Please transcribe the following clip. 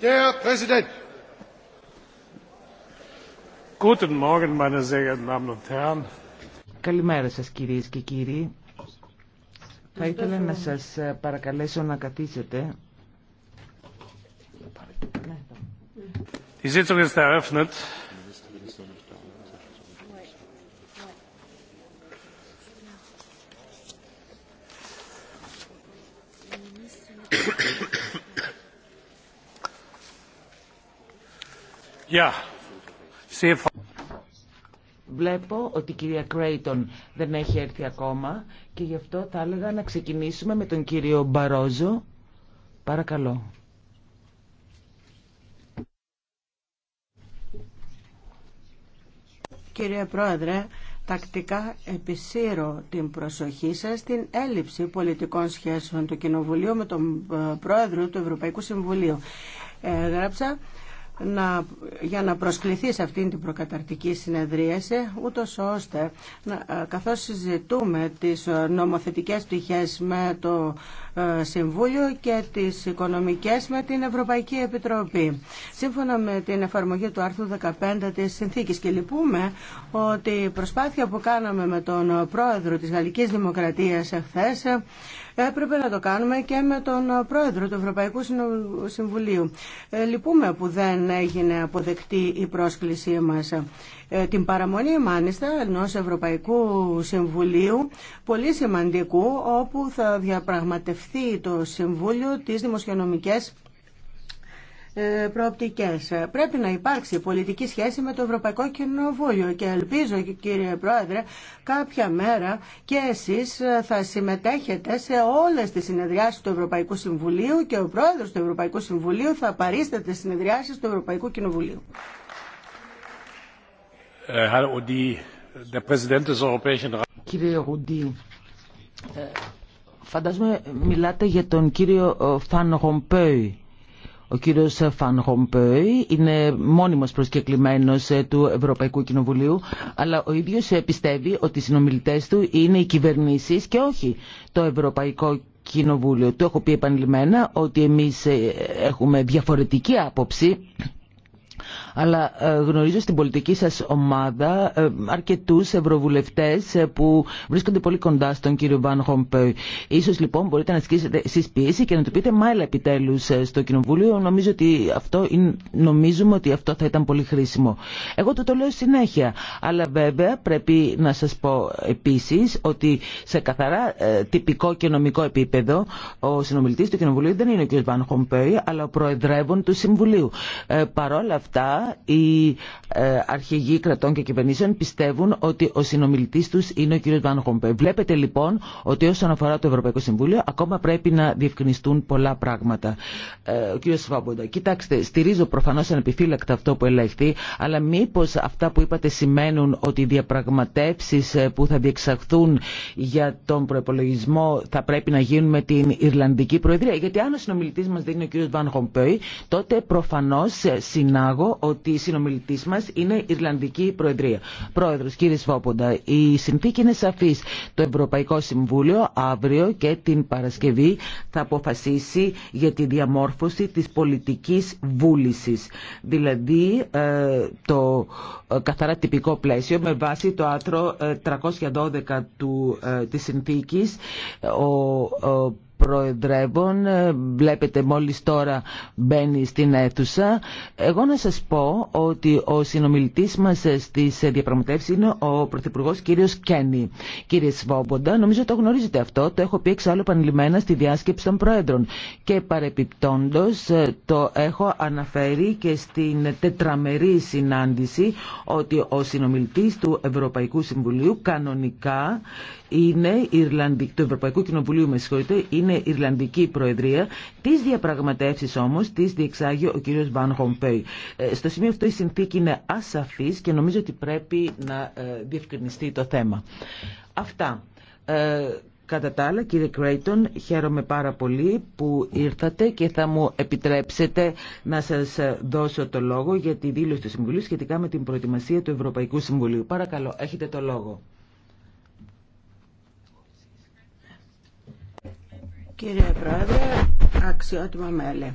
Herr Präsident! Guten Morgen, meine sehr geehrten Damen und Herren. Καλημέρα σας κυρίες και κύριοι. Θα ήθελα να σας παρακαλέσω να καθίσετε. Die Sitzung ist eröffnet. Βλέπω ότι η κυρία Κρέιτον δεν έχει έρθει ακόμα και γι' αυτό θα έλεγα να ξεκινήσουμε με τον κύριο Μπαρόζο. Παρακαλώ. Κύριε Πρόεδρε, τακτικά επισύρω την προσοχή σας στην έλλειψη πολιτικών σχέσεων του Κοινοβουλίου με τον ε, Πρόεδρο του Ευρωπαϊκού Συμβουλίου. Ε, γράψα να, για να προσκληθεί σε αυτήν την προκαταρτική συνεδρίαση, ούτω ώστε να, ε, καθώς συζητούμε τις ε, νομοθετικές πτυχές με το ε, Συμβούλιο και τις οικονομικές με την Ευρωπαϊκή Επιτροπή. Σύμφωνα με την εφαρμογή του άρθρου 15 της συνθήκης και λυπούμε ότι η προσπάθεια που κάναμε με τον πρόεδρο της Γαλλικής Δημοκρατίας εχθές έπρεπε να το κάνουμε και με τον πρόεδρο του Ευρωπαϊκού Συμβουλίου. Λυπούμε που δεν να έγινε αποδεκτή η πρόσκλησή μας. Ε, την παραμονή μάλιστα ενό Ευρωπαϊκού Συμβουλίου πολύ σημαντικού όπου θα διαπραγματευτεί το Συμβούλιο τις δημοσιονομικές ε, προοπτικές. Πρέπει να υπάρξει πολιτική σχέση με το Ευρωπαϊκό Κοινοβούλιο και ελπίζω κύριε Πρόεδρε κάποια μέρα και εσείς ε, θα συμμετέχετε σε όλες τις συνεδριάσεις του Ευρωπαϊκού Συμβουλίου και ο Πρόεδρος του Ευρωπαϊκού Συμβουλίου θα παρίσταται στις συνεδριάσεις του Ευρωπαϊκού Κοινοβουλίου. Ε, κύριε Ρουντή, φαντάζομαι μιλάτε για τον κύριο Φαν Ρομπέι ο κύριος Φαν Χομπέι είναι μόνιμος προσκεκλημένος ε, του Ευρωπαϊκού Κοινοβουλίου, αλλά ο ίδιος ε, πιστεύει ότι οι συνομιλητές του είναι οι κυβερνήσεις και όχι το Ευρωπαϊκό Κοινοβούλιο. Του έχω πει επανειλημμένα ότι εμείς ε, έχουμε διαφορετική άποψη αλλά ε, γνωρίζω στην πολιτική σας ομάδα ε, αρκετούς ευρωβουλευτές ε, που βρίσκονται πολύ κοντά στον κύριο Βαν Χομπέου. Ίσως λοιπόν μπορείτε να ασκήσετε εσείς πίεση και να του πείτε μάλλα επιτέλους στο Κοινοβούλιο. Νομίζω ότι αυτό νομίζουμε ότι αυτό θα ήταν πολύ χρήσιμο. Εγώ το το λέω συνέχεια. Αλλά βέβαια πρέπει να σας πω επίσης ότι σε καθαρά τυπικό και νομικό επίπεδο ο συνομιλητής του Κοινοβουλίου δεν είναι ο κ. Βαν Χομπέου αλλά ο προεδρεύων του Συμβουλίου. Ε, παρόλα αυτά αυτά οι ε, αρχηγοί κρατών και κυβερνήσεων πιστεύουν ότι ο συνομιλητή του είναι ο κ. Βαν Χομπέ. Βλέπετε λοιπόν ότι όσον αφορά το Ευρωπαϊκό Συμβούλιο ακόμα πρέπει να διευκρινιστούν πολλά πράγματα. Ε, ο κ. Σφάμποντα, κοιτάξτε, στηρίζω προφανώς ανεπιφύλακτα αυτό που ελέγχθη, αλλά μήπω αυτά που είπατε σημαίνουν ότι οι διαπραγματεύσει ε, που θα διεξαχθούν για τον προπολογισμό θα πρέπει να γίνουν με την Ιρλανδική Προεδρία. Γιατί αν ο συνομιλητή μα δεν ο κ. Βαν Χομπέ, τότε προφανώ συνάγω ότι η συνομιλητής μα είναι Ιρλανδική Προεδρία. Πρόεδρο κύριε Σφόποντα, η συνθήκη είναι σαφής. Το Ευρωπαϊκό Συμβούλιο αύριο και την Παρασκευή θα αποφασίσει για τη διαμόρφωση της πολιτικής βούληση, Δηλαδή ε, το ε, καθαρά τυπικό πλαίσιο με βάση το άρθρο 312 ε, του, της συνθήκης ο, ο προεδρεύων. Ε, βλέπετε μόλις τώρα μπαίνει στην αίθουσα. Εγώ να σας πω ότι ο συνομιλητής μας στις διαπραγματεύσεις είναι ο Πρωθυπουργό κύριος Κέννη. Κύριε Σβόμποντα, νομίζω το γνωρίζετε αυτό, το έχω πει εξάλλου επανειλημμένα στη διάσκεψη των Πρόεδρων. Και παρεπιπτόντος ε, το έχω αναφέρει και στην τετραμερή συνάντηση ότι ο συνομιλητής του Ευρωπαϊκού Συμβουλίου κανονικά είναι Ιρλανδική του Ευρωπαϊκού Κοινοβουλίου με συγχωρείτε, είναι Ιρλανδική Προεδρία. Τις διαπραγματεύσει όμως τις διεξάγει ο κύριος Βαν Χομπέι. Ε, στο σημείο αυτό η συνθήκη είναι ασαφής και νομίζω ότι πρέπει να ε, διευκρινιστεί το θέμα. Αυτά. Ε, κατά τα άλλα, κύριε Κρέιτον, χαίρομαι πάρα πολύ που ήρθατε και θα μου επιτρέψετε να σας δώσω το λόγο για τη δήλωση του Συμβουλίου σχετικά με την προετοιμασία του Ευρωπαϊκού Συμβουλίου. Παρακαλώ, έχετε το λόγο. Κύριε Πρόεδρε, αξιότιμα μέλη.